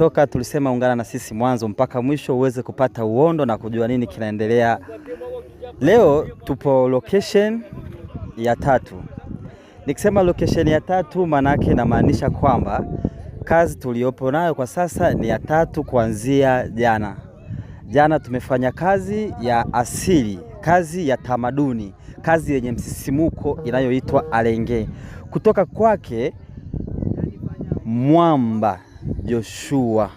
Umechoka? Tulisema ungana na sisi mwanzo mpaka mwisho uweze kupata uondo na kujua nini kinaendelea. Leo tupo location ya tatu. Nikisema location ya tatu, maana yake inamaanisha kwamba kazi tuliyopo nayo kwa sasa ni ya tatu kuanzia jana. Jana tumefanya kazi ya asili, kazi ya tamaduni, kazi yenye msisimuko inayoitwa alenge, kutoka kwake Mwamba Joshua.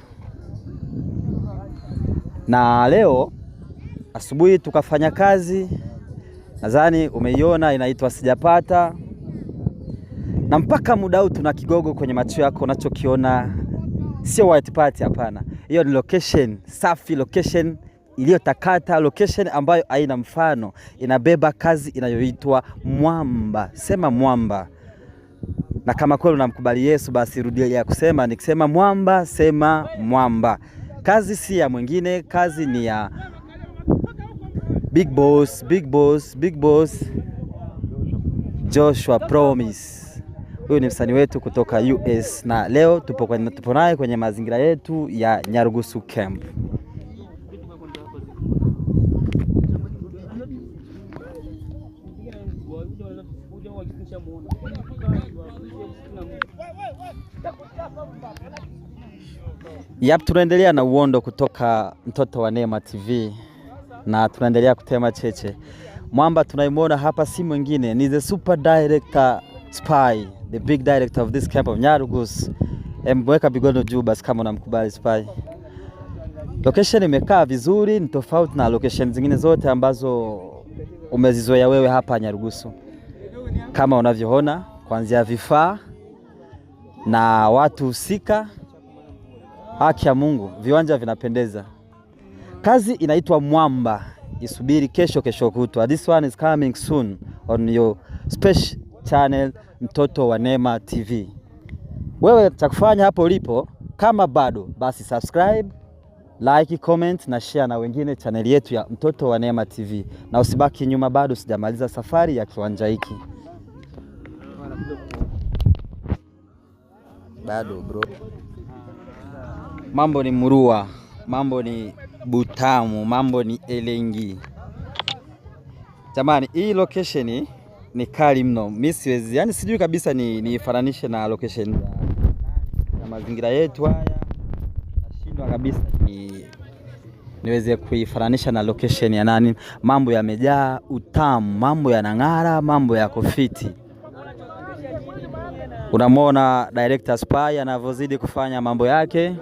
Na leo asubuhi tukafanya kazi, nadhani umeiona inaitwa sijapata, na mpaka muda huu tuna kigogo kwenye macho yako unachokiona sio white party, hapana. Hiyo ni location safi, location iliyotakata, location ambayo haina mfano, inabeba kazi inayoitwa Mwamba. Sema Mwamba na kama kweli unamkubali Yesu, basi rudia ya kusema nikisema mwamba, sema mwamba. Kazi si ya mwingine, kazi ni ya Big Boss, Big Boss, Big Boss Joshua Promise. Huyu ni msanii wetu kutoka US na leo tupo naye kwenye, kwenye mazingira yetu ya Nyarugusu Camp. Yap, tunaendelea na uondo kutoka mtoto wa Neema TV na tunaendelea kutema cheche. Mwamba tunaimwona hapa si mwingine ni the super director spy, the big director of this camp of Nyarugus. Mweka bigono juu basi kama unamkubali spy. Location imekaa vizuri, ni tofauti na location zingine zote ambazo umezizoea wewe hapa Nyarugusu kama unavyoona, kuanzia vifaa na watu husika. Haki ya Mungu, viwanja vinapendeza. Kazi inaitwa Mwamba, isubiri kesho, kesho kutwa. This one is coming soon on your special channel Mtoto wa Neema TV. Wewe cha kufanya hapo ulipo, kama bado basi, subscribe, like, comment na share na wengine chaneli yetu ya Mtoto wa Neema TV, na usibaki nyuma, bado sijamaliza safari ya kiwanja hiki. Bado bro, mambo ni murua, mambo ni butamu, mambo ni elengi. Jamani, hii location ni kali mno, mimi siwezi, yani sijui kabisa niifananishe ni na location na mazingira yetu haya, nashindwa kabisa ni, niweze kuifananisha na location ya nani. Mambo yamejaa utamu, mambo yanang'ara, mambo yako fiti. Unamwona director Spy anavyozidi kufanya mambo yake.